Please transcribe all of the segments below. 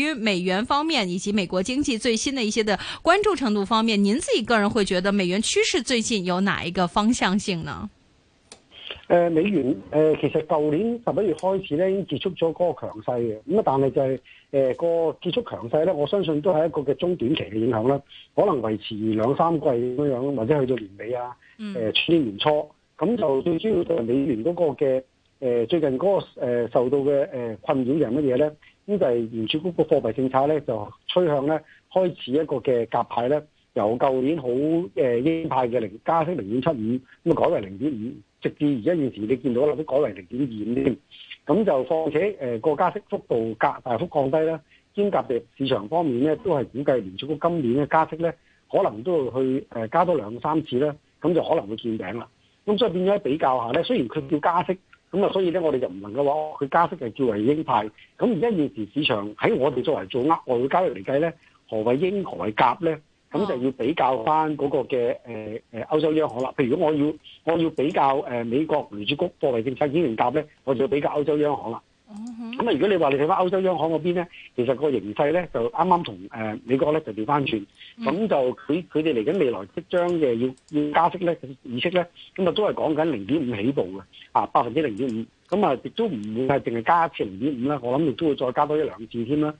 於美元方面以及美國經濟最新的一些的關注程度方面，您自己個人會覺得美元趨勢最近有哪一個方向性呢？誒、呃，美元誒、呃，其實舊年十一月開始咧已經結束咗嗰個強勢嘅，咁啊但係就係、是、誒、呃那個結束強勢咧，我相信都係一個嘅中短期嘅影響啦，可能維持兩三季咁樣，或者去到年尾啊，誒、嗯呃、年初，咁就最主要就係美元嗰個嘅誒、呃、最近嗰個誒受到嘅誒困擾係乜嘢咧？咁就係聯儲局個貨幣政策咧就趨向咧開始一個嘅鴿派咧，由舊年好誒鷹派嘅零加息零點七五咁啊改為零點五，直至而家現時你見到啦都改為零點二五添，咁就況且誒個、呃、加息幅度降大幅降低啦。兼夾地市場方面咧都係估計聯儲局今年嘅加息咧可能都會去誒、呃、加多兩三次啦，咁就可能會見頂啦。咁所以變咗比較一下咧，雖然佢叫加息。咁啊，所以咧，我哋就唔能夠話，佢加息就叫為鷹派。咁而家現時市場喺我哋作為做額外嘅交易嚟計咧，何為鷹，何為鴿咧？咁就要比較翻嗰個嘅誒誒歐洲央行啦。譬如我要我要比較誒美國聯儲局作為政策演員鴿咧，我就要比較歐洲央行啦。咁啊！嗯、如果你話你睇翻歐洲央行嗰邊咧，其實個形勢咧就啱啱同誒美國咧就調翻轉，咁、嗯、就佢佢哋嚟緊未來即將嘅要要加息咧議息咧，咁啊都係講緊零點五起步嘅啊，百分之零點五，咁啊亦都唔會係淨係加一次零點五啦，我諗亦都會再加多一兩次添啦。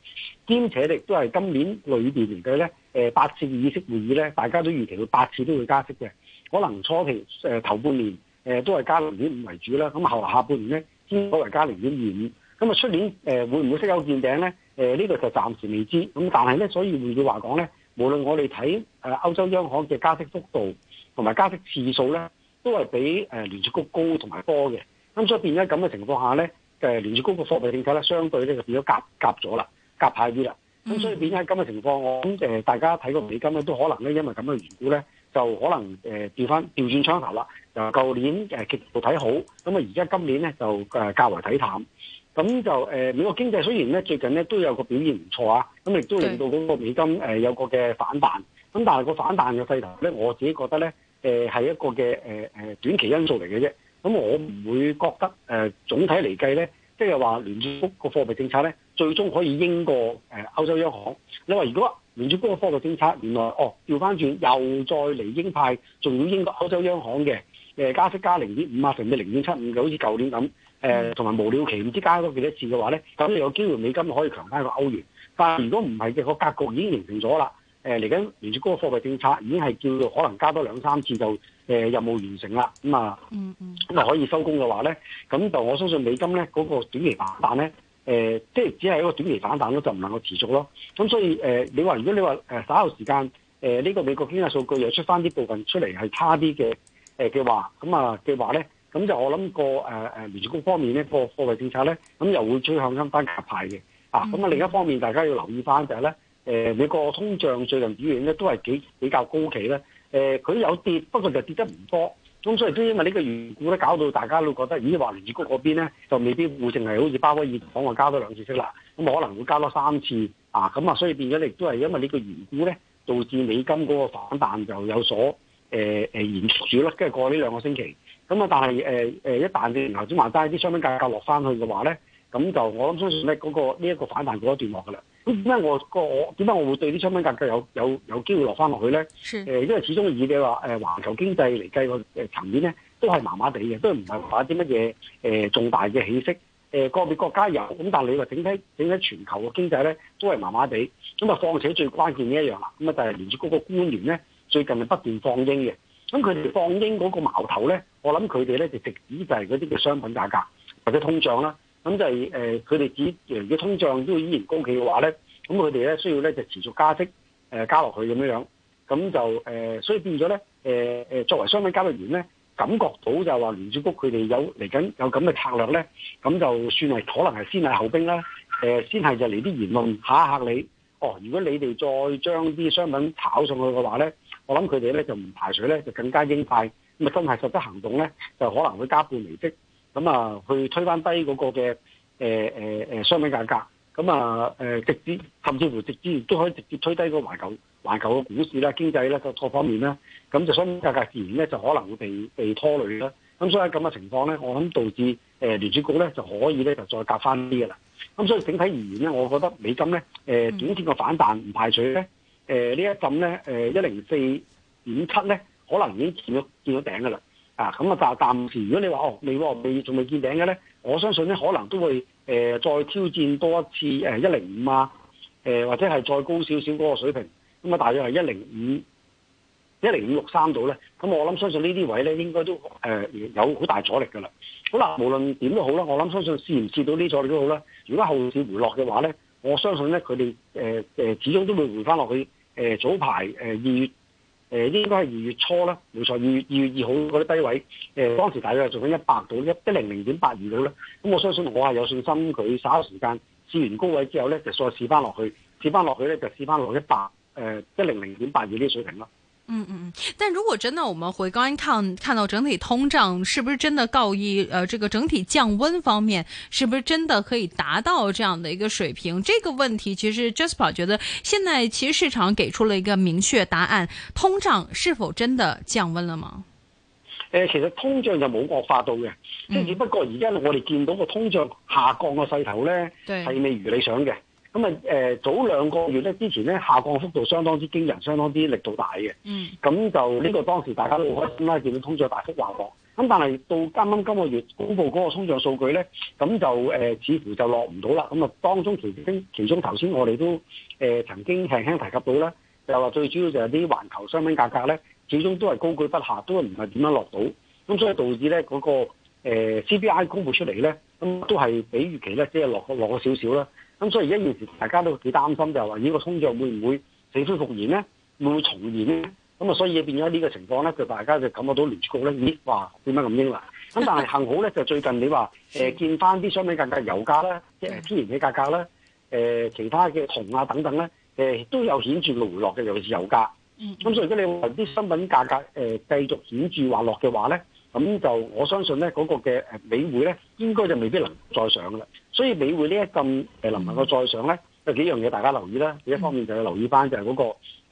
兼且亦都係今年裏面嚟計咧，誒、呃、八次議息會議咧，大家都預期到八次都會加息嘅，可能初期誒、呃、頭半年誒、呃、都係加零點五為主啦，咁後來下半年咧先可能加零點二五。咁啊，出年誒會唔會息有見頂咧？誒呢個就暫時未知。咁但係咧，所以換句話講咧，無論我哋睇誒歐洲央行嘅加息幅度同埋加息次數咧，都係比誒聯儲局高同埋多嘅。咁所以變咗咁嘅情況下咧，誒聯儲局嘅貨幣政策咧，相對咧就變咗夾夾咗啦，夾快啲啦。咁所以變咗咁嘅情況，我誒大家睇個美金咧，都可能咧因為咁嘅緣故咧，就可能誒調翻調轉槍頭啦。就舊年誒，極度睇好咁啊，而家今年咧就誒較為睇淡。咁就誒、呃、美國經濟雖然咧最近咧都有個表現唔錯啊，咁亦都令到嗰個美金誒、呃、有個嘅反彈。咁但係個反彈嘅勢頭咧，我自己覺得咧誒係一個嘅、呃、短期因素嚟嘅啫。咁我唔會覺得誒、呃、總體嚟計咧，即係話聯儲局個貨幣政策咧最終可以鷹過誒歐洲央行。你話如果聯儲局個貨幣政策原來哦調翻轉又再嚟鷹派，仲要鷹過歐洲央行嘅？誒加息加零點五啊，甚至零點七五就好似舊年咁。誒同埋無了期唔知加多幾多次嘅話咧，咁你有機會美金可以強翻個歐元。但係如果唔係嘅個格局已經形成咗啦，誒嚟緊聯儲嗰個貨幣政策已經係叫做可能加多兩三次就誒、呃、任務完成啦。咁啊，咁啊可以收工嘅話咧，咁就我相信美金咧嗰、那個短期反彈咧，誒、呃、即係只係一個短期反彈咯，就唔能夠持續咯。咁所以誒、呃，你話如果你話誒稍後時間誒呢、呃這個美國經濟數據又出翻啲部分出嚟係差啲嘅。誒嘅話，咁啊嘅話咧，咁就我諗個誒誒聯儲局方面咧個貨幣政策咧，咁又會趨向翻翻鷹派嘅啊。咁啊另一方面，大家要留意翻就係、是、咧，誒美國通脹最近表現咧都係幾比較高企咧。誒、啊、佢有跌，不過就跌得唔多，咁所以都因為個呢個緣故咧，搞到大家都覺得，咦話聯儲局嗰邊咧就未必會淨係好似鮑威爾講話加多兩次息啦，咁可能會加多三次啊。咁啊，所以變咗亦都係因為個呢個緣故咧，導致美金嗰個反彈就有所誒誒、呃、延續咗啦，跟住過呢兩個星期，咁啊，但係誒誒一旦你頭先話齋啲商品價格落翻去嘅話咧，咁就我諗相信咧、那個，嗰個呢一個反彈告一段落嘅啦。咁點解我個我點解我會對啲商品價格有有有機會落翻落去咧？誒是，因為始終以你話誒環球經濟嚟計個誒層面咧，都係麻麻地嘅，都唔係話啲乜嘢誒重大嘅起色。誒、呃、個別國家有，咁但係你話整體整體全球嘅經濟咧，都係麻麻地。咁啊，況且最關鍵嘅一樣啦，咁啊就係聯儲嗰個官員咧。最近係不斷放鷹嘅，咁佢哋放鷹嗰個矛頭咧，我諗佢哋咧就直指就係嗰啲嘅商品價格或者通脹啦。咁就係、是、誒，佢哋指如果通脹都會依然高企嘅話咧，咁佢哋咧需要咧就持續加息，誒、呃、加落去咁樣樣，咁就誒、呃，所以變咗咧，誒、呃、誒作為商品交易員咧，感覺到就話聯儲局佢哋有嚟緊有咁嘅策略咧，咁就算係可能係先禮後兵啦，誒、呃、先係就嚟啲言論嚇一嚇你。哦，如果你哋再將啲商品炒上去嘅話咧，我諗佢哋咧就唔排除咧，就更加鷹派。咁啊，真係實質行動咧，就可能會加倍微積。咁啊，去推翻低嗰個嘅誒、欸欸、商品價格。咁啊，誒、呃、直至甚至乎直至亦都可以直接推低個環球環球嘅股市啦、經濟啦各各方面啦。咁就商品價格自然咧就可能會被被拖累啦。咁所以咁嘅情況咧，我諗導致誒聯儲局咧就可以咧就再加翻啲嘅啦。咁、嗯、所以整體而言咧，我覺得美金咧，誒短線個反彈唔排除咧，誒、呃、呢一陣咧，誒一零四五七咧，可能已經見到見到頂噶啦，啊咁啊暫暫時。如果你話哦未未仲未見頂嘅咧，我相信咧可能都會誒、呃、再挑戰多一次誒一零五啊、呃，或者係再高少少嗰個水平，咁、嗯、啊大約係一零五。一零五六三度咧，咁我諗相信呢啲位咧應該都誒有好大阻力㗎啦。好啦，無論點都好啦，我諗相信試完試到呢個阻力都好啦。如果後市回落嘅話咧，我相信咧佢哋誒始終都會回翻落去誒早排誒二月誒應該係二月初啦，冇錯二二月二號嗰啲低位誒當時大概係做緊一百度一一零零點八二度啦。咁我相信我係有信心佢稍後時間試完高位之後咧，就再試翻落去，試翻落去咧就試翻落一百誒一零零點八二呢啲水平囉。嗯嗯嗯，但如果真的我們回剛剛看，看到整體通脹是不是真的告一？呃，這個整體降溫方面，是不是真的可以達到這樣的一個水平？這個問題其實 Jasper 覺得，現在其實市場給出了一個明確答案：通脹是否真的降溫了嗎？誒、呃，其實通脹就冇惡化到嘅，即係、嗯、只不過而家我哋見到個通脹下降個勢頭咧，係對未如理想嘅。咁啊、呃，早兩個月咧，之前咧下降幅度相當之驚人，相當之力度大嘅。咁、嗯、就呢個當時大家都好開心啦，見到通脹大幅滑落。咁但係到啱啱今個月公布嗰個通脹數據咧，咁就誒、呃、似乎就落唔到啦。咁啊，當中其中其中頭先我哋都誒、呃、曾經輕輕提及到啦，就話最主要就係啲環球商品價格咧，始終都係高居不下，都係唔係點樣落到。咁所以導致咧嗰、那個、呃、CPI 公布出嚟咧，咁都係比預期咧即係落落少少啦。咁所以而家現時大家都幾擔心，就話呢個通脹會唔會死灰復燃咧？會唔會重燃咧？咁啊，所以變咗呢個情況咧，就大家就感覺到聯儲局咧，咦，哇點解咁鷹啦，咁但係幸好咧，就最近你話、呃、見翻啲商品價格、油價咧、即係天 然氣價格咧、呃、其他嘅銅啊等等咧、呃，都有顯著回落嘅，尤其是油價。咁 所以如果你話啲商品價格、呃、繼續顯著滑落話落嘅話咧？咁就我相信咧，嗰個嘅美匯咧，應該就未必能再上嘅啦。所以美匯呢一陣誒能唔能夠再上咧，有幾樣嘢大家留意啦。第一方面就要留意翻就係嗰個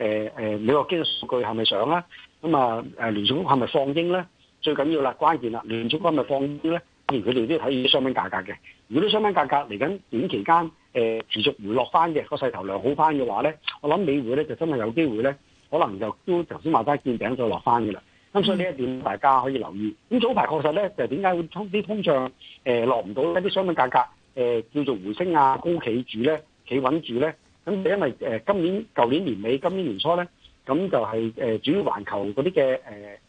誒、呃、美國經濟數據係咪上啦？咁啊誒聯儲係咪放鷹咧？最緊要啦，關鍵啦，聯儲係咪放鷹咧？當然佢哋都要睇住啲商品價格嘅。如果啲商品價格嚟緊短期間誒、呃、持續回落翻嘅，個勢頭良好翻嘅話咧，我諗美匯咧就真係有機會咧，可能就都頭先話翻見頂再落翻嘅啦。咁、嗯、所以呢一點大家可以留意。咁早排確實咧，就點解通啲通脹誒落唔到一啲商品價格誒、呃、叫做回升啊，高企住咧，企穩住咧。咁因為誒今年舊年年尾，今年年初咧，咁就係誒主要環球嗰啲嘅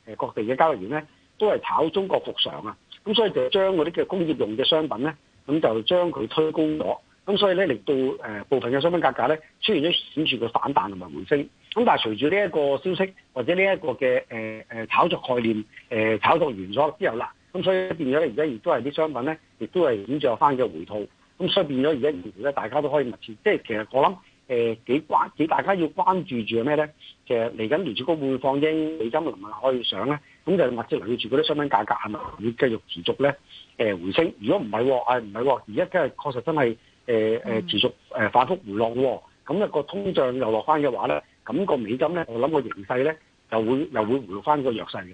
誒各地嘅交易員咧，都係炒中國復常啊。咁所以就將嗰啲嘅工業用嘅商品咧，咁就將佢推高咗。咁所以咧，令到誒、呃、部分嘅商品價格咧出現咗顯著嘅反彈同埋回升。咁但係隨住呢一個消息或者呢一個嘅誒、呃、炒作概念誒、呃、炒作完咗之後啦，咁所以變咗而家亦都係啲商品咧，亦都係顯著返翻嘅回吐。咁所以變咗而家，而家大家都可以密切，即係其實我諗誒、呃、幾關幾大家要關注住係咩咧？其實嚟緊聯儲高會放鷹，美金能否可以上咧？咁就密切留意住嗰啲商品價格係咪會繼續持續咧、呃、回升？如果唔係唔係喎，而家真係確實真係。誒誒、嗯呃、持續誒、呃、反覆回落喎，咁、嗯、一、個通脹又落翻嘅話咧，咁、個美金咧，我諗個形勢咧，又會又會回翻個弱勢嘅。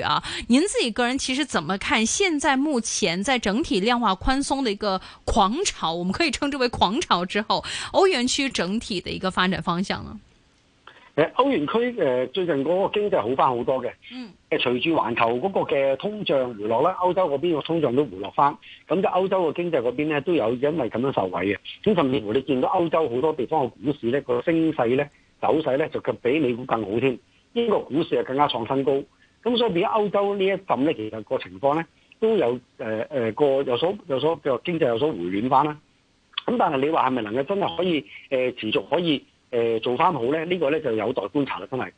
啊！您自己個人其實怎麼看？現在目前在整體量化寬鬆的一個狂潮，我們可以稱之為狂潮之後，歐元區整體的一個發展方向呢？歐元區最近嗰個經濟好翻好多嘅，嗯，隨住環球嗰個嘅通脹回落咧，歐洲嗰邊個通脹都回落翻，咁就歐洲嘅經濟嗰邊呢都有因為咁樣受惠嘅。咁甚至乎你見到歐洲好多地方嘅股市呢，個升勢呢，走勢呢，就更比美股更好添，英國股市係更加創新高。咁所以變咗歐洲一呢一份咧，其實個情況咧都有個、呃、有所有所叫經濟有所回暖翻啦。咁但係你話係咪能夠真係可以、呃、持續可以、呃、做翻好咧？呢個、呢個咧就有待觀察啦，真係。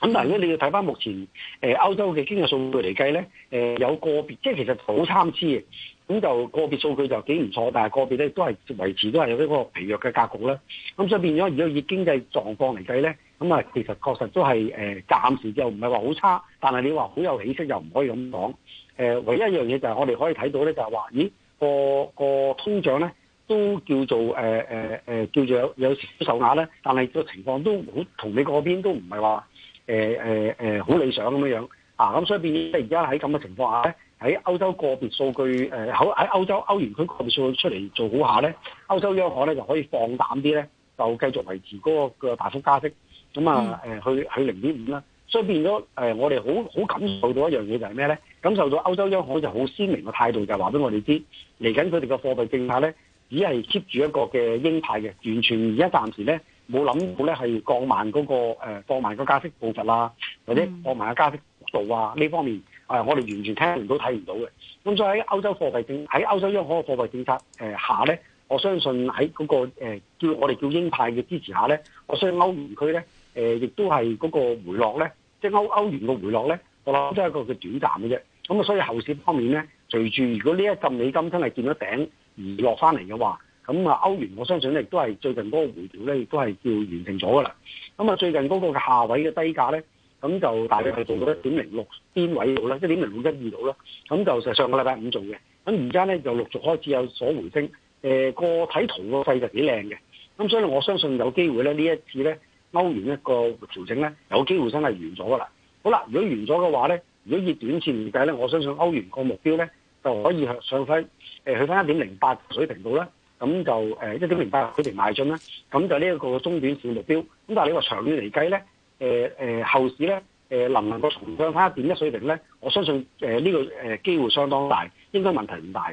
咁但係如果你要睇翻目前、呃、歐洲嘅經濟數據嚟計咧、呃，有個別即係其實好參差嘅，咁就個別數據就幾唔錯，但係個別咧都係維持都係有呢個疲弱嘅格局啦。咁所以變咗如果以經濟狀況嚟計咧。咁啊，其實確實都係誒、呃，暫時又唔係話好差，但係你話好有起色又唔可以咁講。誒、呃，唯一一樣嘢就係我哋可以睇到咧，就係、是、話，咦，個個通脹咧都叫做誒誒、呃、叫做有有少收呢咧，但係個情況都好同你嗰邊都唔係話誒誒好理想咁樣樣啊。咁所以變咗而家喺咁嘅情況下咧，喺歐洲個別數據誒，喺、呃、喺歐洲歐元區個別數據出嚟做好下咧，歐洲央行咧就可以放膽啲咧，就繼續維持嗰、嗰個嗰個大幅加息。咁啊，誒去去零點五啦，所以變咗誒、呃，我哋好好感受到一樣嘢就係咩咧？感受到歐洲央行就好鮮明嘅態度，就係話俾我哋知，嚟緊佢哋嘅貨幣政策咧，只係 keep 住一個嘅鷹派嘅，完全而家暫時咧冇諗到咧係放慢嗰、嗰個誒放、啊、慢嗰加息步伐啦、啊，或者放慢個加息幅度啊呢、嗯、方面，誒、啊、我哋完全聽唔到睇唔到嘅。咁所以喺歐洲貨幣政喺歐洲央行嘅貨幣政策誒下咧，我相信喺嗰個叫我哋叫鷹派嘅支持下咧，我相信歐元區咧。誒、呃，亦都係嗰個回落咧，即係歐歐元嘅回落咧，我諗都係一個嘅短暫嘅啫。咁啊，所以後市方面咧，隨住如果呢一浸美金真係見咗頂而落翻嚟嘅話，咁啊，歐元我相信咧亦都係最近嗰個回調咧亦都係叫完成咗噶啦。咁啊，最近嗰個下位嘅低價咧，咁就大概係做到一點零六邊位到啦，即係點零六一二到啦。咁就上個禮拜五做嘅，咁而家咧就陸續開始有所回升。誒、呃，個睇圖個勢就幾靚嘅。咁所以我相信有機會咧，呢一次咧。歐元一個調整咧，有機會真係完咗㗎啦。好啦，如果完咗嘅話咧，如果以短線嚟計咧，我相信歐元個目標咧就可以向上翻，誒、呃、去翻一點零八水平度啦。咁就誒一點零八水平邁進啦。咁就呢一個中短線目標。咁但係你話長遠嚟計咧，誒、呃、誒、呃、後市咧，誒、呃、能唔能夠重上翻一點一水平咧？我相信誒呢、呃這個誒、呃、機會相當大，應該問題唔大。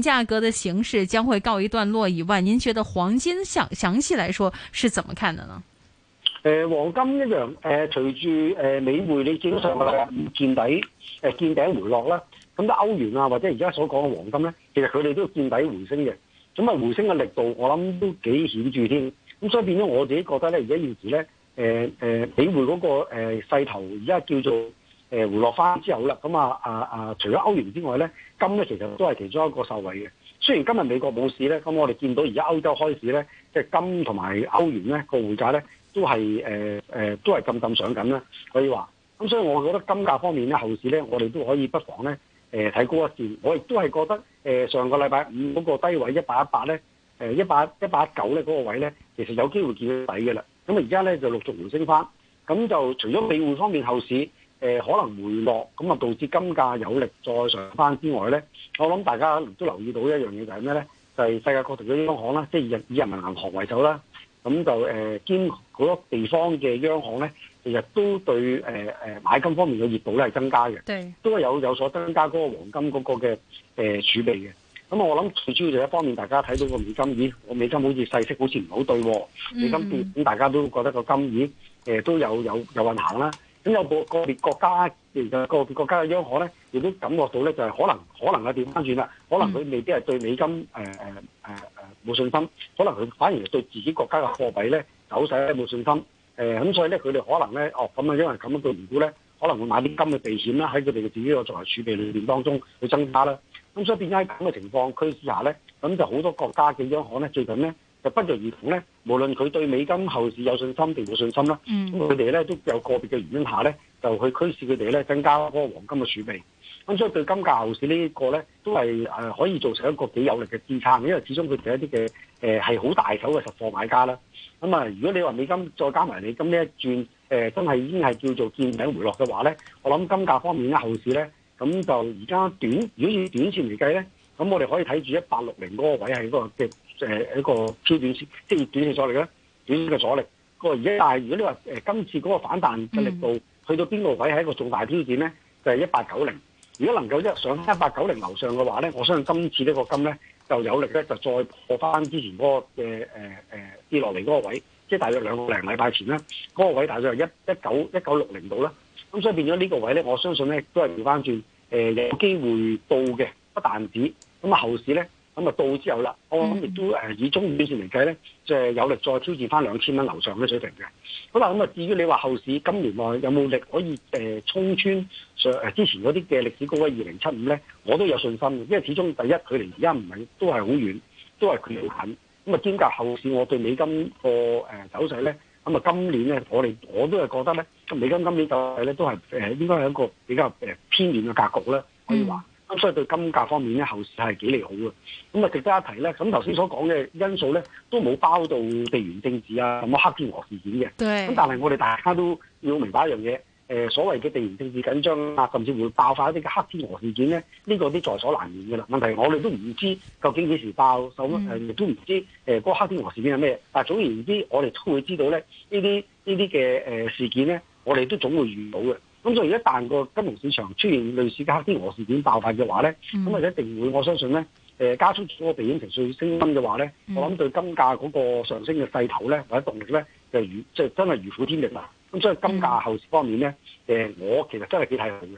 價格嘅形勢將會告一段落以外，您覺得黃金想詳細來說是怎麼看的呢？誒、呃，黃金一樣誒，隨住誒美匯，你基本上係見底誒、呃、見頂回落啦。咁啲歐元啊，或者而家所講嘅黃金咧，其實佢哋都見底回升嘅。咁啊，回升嘅力度我諗都幾顯著添。咁、嗯、所以變咗，我自己覺得咧，而家現時咧，誒、呃、誒、呃，美匯嗰、那個誒勢、呃、頭，而家叫做。誒回落翻之後啦，咁啊啊啊，除咗歐元之外咧，金咧其實都係其中一個受惠嘅。雖然今日美國冇市咧，咁我哋見到而家歐洲開市咧，即係金同埋歐元咧個匯價咧都係誒、呃、都係咁咁上緊啦。可以話咁，所以我覺得金價方面咧後市咧，我哋都可以不妨咧睇、呃、高一線。我亦都係覺得、呃、上個禮拜五嗰個低位一百一八咧，誒一百一八一九咧嗰個位咧，其實有機會見底嘅啦。咁而家咧就陸續回升翻，咁就除咗美匯方面後市，誒、呃、可能回落，咁啊導致金價有力再上翻之外咧，我諗大家可能都留意到一樣嘢就係咩咧？就係、是、世界各地嘅央行啦，即係以人民銀行為首啦，咁就誒、呃、兼好多地方嘅央行咧，其實都對誒誒、呃、買金方面嘅熱度咧係增加嘅，對都係有有所增加嗰個黃金嗰個嘅誒、呃、儲備嘅。咁啊，我諗最主要就一方面，大家睇到個美金咦，個、哎、美金好似細息，好似唔好對喎，美金跌，咁大家都覺得個金咦誒、呃、都有有有運行啦。咁有個個別國家，其實個別國家嘅央行咧，亦都感覺到咧，就係、是、可能可能嘅調翻轉啦，可能佢未必係對美金誒誒誒冇信心，可能佢反而對自己國家嘅貨幣咧走勢咧冇信心，誒、呃、咁所以咧佢哋可能咧，哦咁啊，因為咁樣嘅緣故咧，可能會買啲金嘅避險啦，喺佢哋嘅自己個作為儲備裏面當中去增加啦。咁所以變咗喺咁嘅情況下咧，咁就好多國家嘅央行咧，最近咧，就不約而同咧，無論佢對美金後市有信心定冇信心啦，佢哋咧都有個別嘅原因下咧，就去驅使佢哋咧增加嗰個黃金嘅儲備。咁所以對金價後市呢個呢一個咧，都係誒、呃、可以造成一個幾有力嘅支撐，因為始終佢哋一啲嘅誒係好大手嘅實貨買家啦。咁啊，如果你話美金再加埋美金呢一轉，誒、呃、真係已經係叫做見頂回落嘅話咧，我諗金價方面嘅後市咧，咁就而家短，如果以短線嚟計咧，咁我哋可以睇住一八六零嗰個位喺嗰、嗰個誒一個超短，即係短期阻力啦，短嘅阻力。個而家，但係如果你話誒今次嗰個反彈嘅力度、mm. 去到邊個位係一個重大挑戰咧，就係一八九零。如果能夠一上一八九零樓上嘅話咧，我相信今次呢個金咧就有力咧，就再破翻之前嗰、那個嘅誒誒跌落嚟嗰個位，即係大約兩個零禮拜前啦。嗰、那個位大約一一九一九六零度啦。咁所以變咗呢個位咧，我相信咧都係調翻轉，誒、呃、有機會到嘅不但止。咁啊後市咧？咁啊到之後啦，我諗亦都以中遠線嚟計咧，即係有力再挑戰翻兩千蚊樓上嘅水平嘅。好啦，咁啊至於你話後市今年內有冇力可以誒衝穿上之前嗰啲嘅歷史高位二零七五咧，我都有信心嘅，因為始終第一佢離而家唔係都係好遠，都係佢好近。咁啊兼夾後市，我對美金個誒走勢咧，咁啊今年咧我哋我都係覺得咧，咁美金今年走勢咧都係應該係一個比較偏軟嘅格局咧，可以話。咁所以對金價方面咧，後市係幾利好嘅。咁啊，值得一提咧。咁頭先所講嘅因素咧，都冇包到地緣政治啊，咁黑天鵝事件嘅。咁對但係我哋大家都要明白一樣嘢，誒所謂嘅地緣政治緊張啊，甚至會爆發一啲嘅黑天鵝事件咧，呢個都在所難免嘅啦。問題我哋都唔知究竟幾時爆，咁誒亦都唔知嗰個黑天鵝事件係咩。但係總言之，我哋都會知道咧，呢啲呢啲嘅誒事件咧，我哋都總會遇到嘅。咁、嗯、所以一旦個金融市場出現類似嘅黑天鵝事件爆發嘅話咧，咁、嗯、就一定會我相信咧，加速咗個避險情緒升温嘅話咧，嗯、我諗對金價嗰個上升嘅勢頭咧，或者動力咧，就如即係真係如虎添翼啦。咁所以金價後市方面咧，嗯呃，我其實真係幾睇好嘅。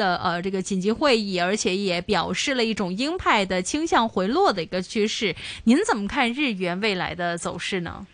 的誒、呃，這個緊急會議，而且也表示了一種鷹派嘅傾向回落嘅一個趨勢。您怎麼看日元未來嘅走勢呢？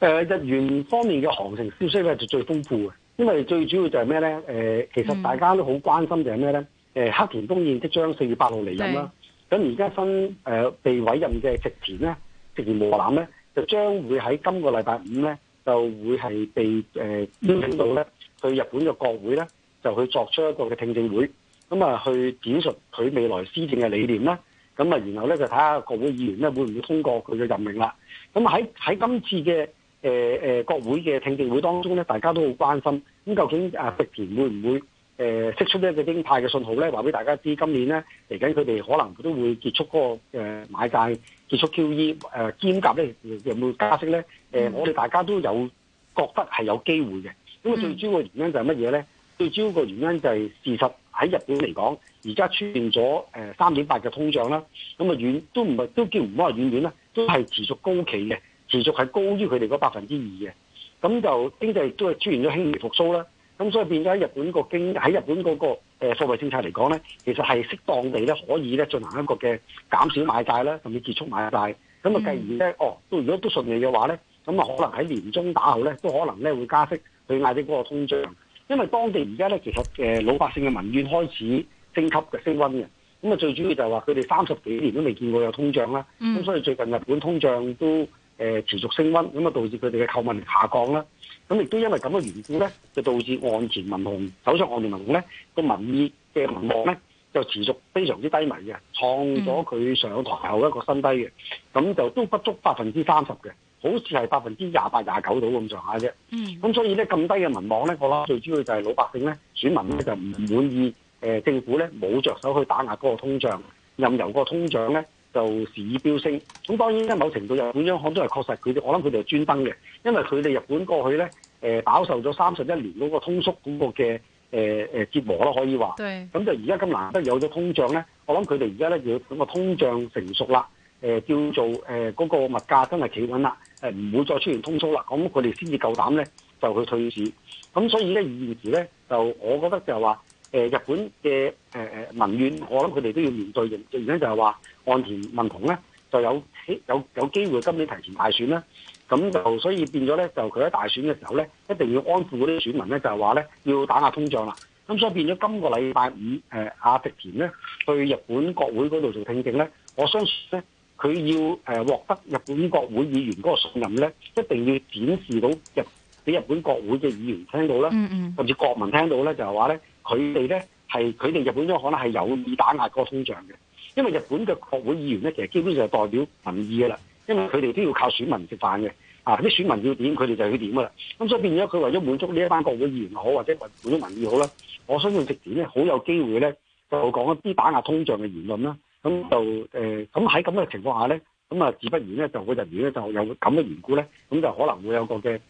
誒、呃，日元方面嘅行情消息咧就最豐富嘅，因為最主要就係咩咧？誒、呃，其實大家都好關心就係咩咧？誒、呃，黑田東彥即將四月八號離任啦，咁而家分誒、呃、被委任嘅直田呢，直田磨男呢，就將會喺今個禮拜五呢，就會係被誒邀請到咧去日本嘅國會咧。就去作出一個嘅聽證會，咁啊去展述佢未來施政嘅理念啦。咁啊，然後咧就睇下國會議員咧會唔會通過佢嘅任命啦。咁喺喺今次嘅誒誒國會嘅聽證會當中咧，大家都好關心。咁究竟啊，福田會唔會誒、呃、釋出呢一個鷹派嘅信號咧？話俾大家知，今年咧嚟緊佢哋可能都會結束嗰、那個誒、呃、買債、結束 QE，誒、呃、兼夾呢，有冇加息咧？誒、呃，我哋、嗯、大家都有覺得係有機會嘅。咁啊，最主要嘅原因就係乜嘢咧？嗯最主要個原因就係事實喺日本嚟講，而家出現咗誒三點八嘅通脹啦。咁啊遠都唔係都叫唔好話遠遠啦，都係持續高企嘅，持續係高於佢哋嗰百分之二嘅。咁就經濟都係出現咗輕微復甦啦。咁所以變咗喺日本個經喺日本嗰、嗰個誒、欸、貨幣政策嚟講咧，其實係適當地咧可以咧進行一個嘅減少買債啦，同埋結束買債。咁啊，繼而咧，哦，都如果都順利嘅話咧，咁啊，可能喺年中打後咧都可能咧會加息去壓抑嗰個通脹。因為當地而家咧，其實嘅老百姓嘅民怨開始升級嘅、升溫嘅。咁啊，最主要就係話佢哋三十幾年都未見過有通脹啦。咁所以最近日本通脹都誒呃、持續升溫，咁啊導致佢哋嘅購物力下降啦。咁亦都因為咁嘅緣故咧，就導致岸田文雄首相岸田文雄咧個民意嘅民望咧就持續非常之低迷嘅，創咗佢上台後一個新低嘅。咁就都不足百分之三十嘅。的好似係百分之廿八廿九到咁上下啫，咁、嗯、所以咧咁低嘅民望咧，我諗最主要就係老百姓咧選民咧就唔滿意，誒、呃、政府咧冇着手去打壓嗰個通脹，任由個通脹咧就肆意飆升。咁當然咧，某程度日本央行都係確實佢哋。我諗佢哋係專登嘅，因為佢哋日本過去咧誒、呃、飽受咗三十一年嗰個通縮嗰個嘅誒誒折磨咯，可以話。咁對就而家咁難得有咗通脹咧，我諗佢哋而家咧要等個通脹成熟啦。誒、呃、叫做誒嗰、呃那個物價真係企穩啦，誒、呃、唔會再出現通縮啦，咁佢哋先至夠膽咧就去退市。咁所以而家現時咧，就我覺得就係話，誒、呃、日本嘅誒誒民怨，我諗佢哋都要面對嘅，原因就係話岸田文雄咧就有有有機會今年提前大選啦。咁就所以變咗咧，就佢喺大選嘅時候咧，一定要安撫嗰啲選民咧，就係話咧要打壓通脹啦。咁所以變咗今個禮拜五誒，岸、呃、植田咧去日本國會嗰度做聽證咧，我相信咧。佢要誒、呃、獲得日本國會議員嗰個信任咧，一定要展示到日俾日本國會嘅議員聽到啦，嗯嗯甚至國民聽到咧，就係話咧，佢哋咧係佢哋日本咧可能係有意打壓嗰個通脹嘅，因為日本嘅國會議員咧其實基本上係代表民意嘅啦，因為佢哋都要靠選民食飯嘅，啊啲選民要點，佢哋就要點噶啦，咁所以變咗佢為咗滿足呢一班國會議員好或者滿足民意好啦，我相信直點咧好有機會咧就會講一啲打壓通脹嘅言論啦。咁就誒，咁喺咁嘅情況下咧，咁啊，自不然咧，就個人員咧就有咁嘅緣故咧，咁就可能會有個嘅誒、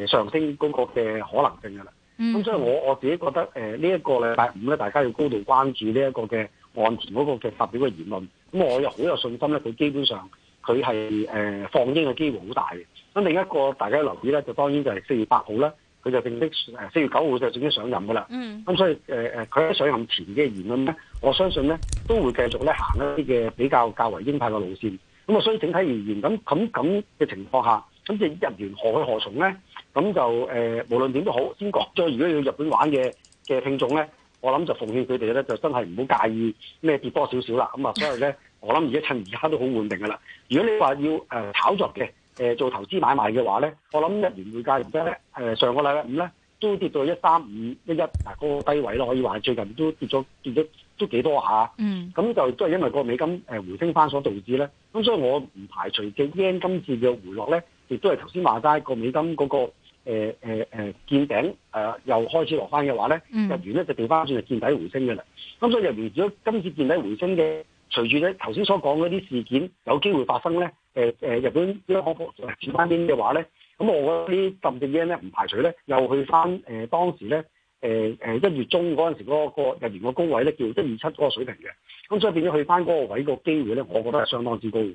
呃、上升嗰個嘅可能性噶啦。咁、mm hmm. 所以我，我我自己覺得誒呢一個咧，拜五咧，大家要高度關注呢一個嘅岸田嗰個嘅發表嘅言論。咁我又好有信心咧，佢基本上佢係誒放鷹嘅機會好大嘅。咁另一個大家留意咧，就當然就係四月八號啦。佢就正式誒四月九號就正式上任嘅啦。嗯，咁所以誒誒，佢喺上任前嘅言論咧，我相信咧都會繼續咧行一啲嘅比較較為鷹派嘅路線。咁啊，所以整體而言，咁咁咁嘅情況下，咁即係日元何去何從咧？咁就誒、呃，無論點都好，先講咗如果要日本玩嘅嘅聽眾咧，我諗就奉勸佢哋咧，就真係唔好介意咩跌多少少啦。咁啊，所以咧，我諗而家趁而家都好穩定嘅啦。如果你話要誒炒作嘅，誒做投資買賣嘅話咧，我諗日元匯價而家咧，誒、呃、上個禮拜五咧都跌到一三五一一，嗱個低位咯，可以話係最近都跌咗跌咗都幾多下。嗯，咁就都係因為嗰個美金、呃、回升翻所導致咧。咁所以我唔排除嘅日元今次嘅回落咧，亦都係頭先話齋個美金嗰、嗰個誒誒誒見頂、呃、又開始落翻嘅話咧，mm. 日元咧就變翻算係見底回升嘅啦。咁所以日元如果今次見底回升嘅，隨住你頭先所講嗰啲事件有機會發生咧。誒誒、呃、日本呢一項貨轉翻邊嘅話咧，咁我嗰啲甚至咧唔排除咧，又去翻、呃、當時咧一、呃、月中嗰陣時個日元個高位咧，叫一二七個水平嘅，咁所以變咗去翻嗰個位個機會咧，我覺得係相當之高嘅。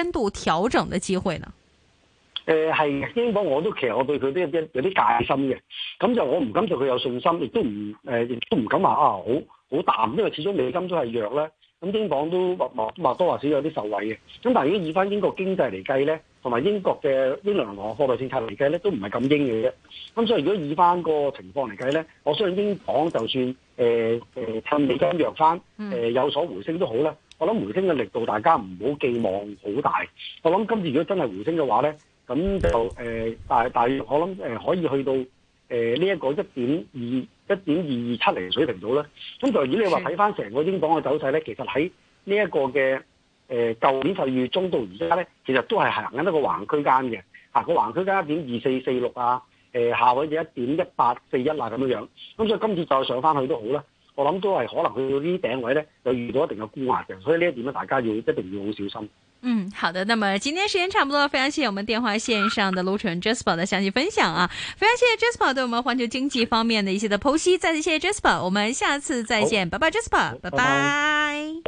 深度調整嘅機會呢？誒、嗯，係英鎊，我都其實我對佢都有啲戒心嘅。咁就我唔敢對佢有信心，亦都唔誒，亦都唔敢話啊，好好淡，因為始終美金都係弱咧。咁英鎊都或多或少有啲受惠嘅。咁但係如果以翻英國經濟嚟計咧，同埋英國嘅英倫銀行貨幣政策嚟計咧，都唔係咁英嘅啫。咁所以如果以翻嗰個情況嚟計咧，我相信英鎊就算誒誒趁美金弱翻，誒有所回升都好啦。我諗回升嘅力度，大家唔好寄望好大。我諗今次如果真係回升嘅話咧，咁就誒、呃，大大約我諗誒、呃、可以去到誒呢一個一點二、一點二二七零水平度咧。咁就如果你話睇翻成個英鎊嘅走勢咧，其實喺呢一個嘅誒舊年十二月中到而家咧，其實都係行緊一個橫區間嘅吓，個橫區間一點二四四六啊，誒、啊呃、下位至一點一八四一啊咁樣樣。咁所以今次再上翻去都好啦。我諗都係可能去到呢頂位咧，就遇到一定嘅高壓嘅，所以呢一點咧，大家要一定要好小心。嗯，好的，那麼今天時間差唔多，非常謝謝我們電話線上的盧楚仁 Jasper 的詳細分享啊，非常謝謝 Jasper 對我們環球經濟方面的一些的剖析，再次謝謝 Jasper，我們下次再見，好拜拜 Jasper，好拜拜。拜拜。